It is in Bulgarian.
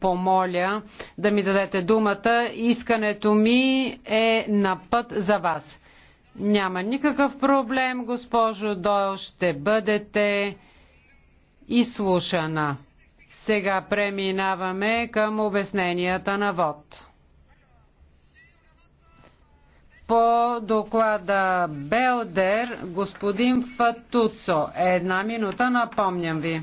помоля да ми дадете думата. Искането ми е на път за вас. Няма никакъв проблем, госпожо Дойл, ще бъдете изслушана. Сега преминаваме към обясненията на ВОД. По доклада Белдер, господин Фатуцо, една минута, напомням ви.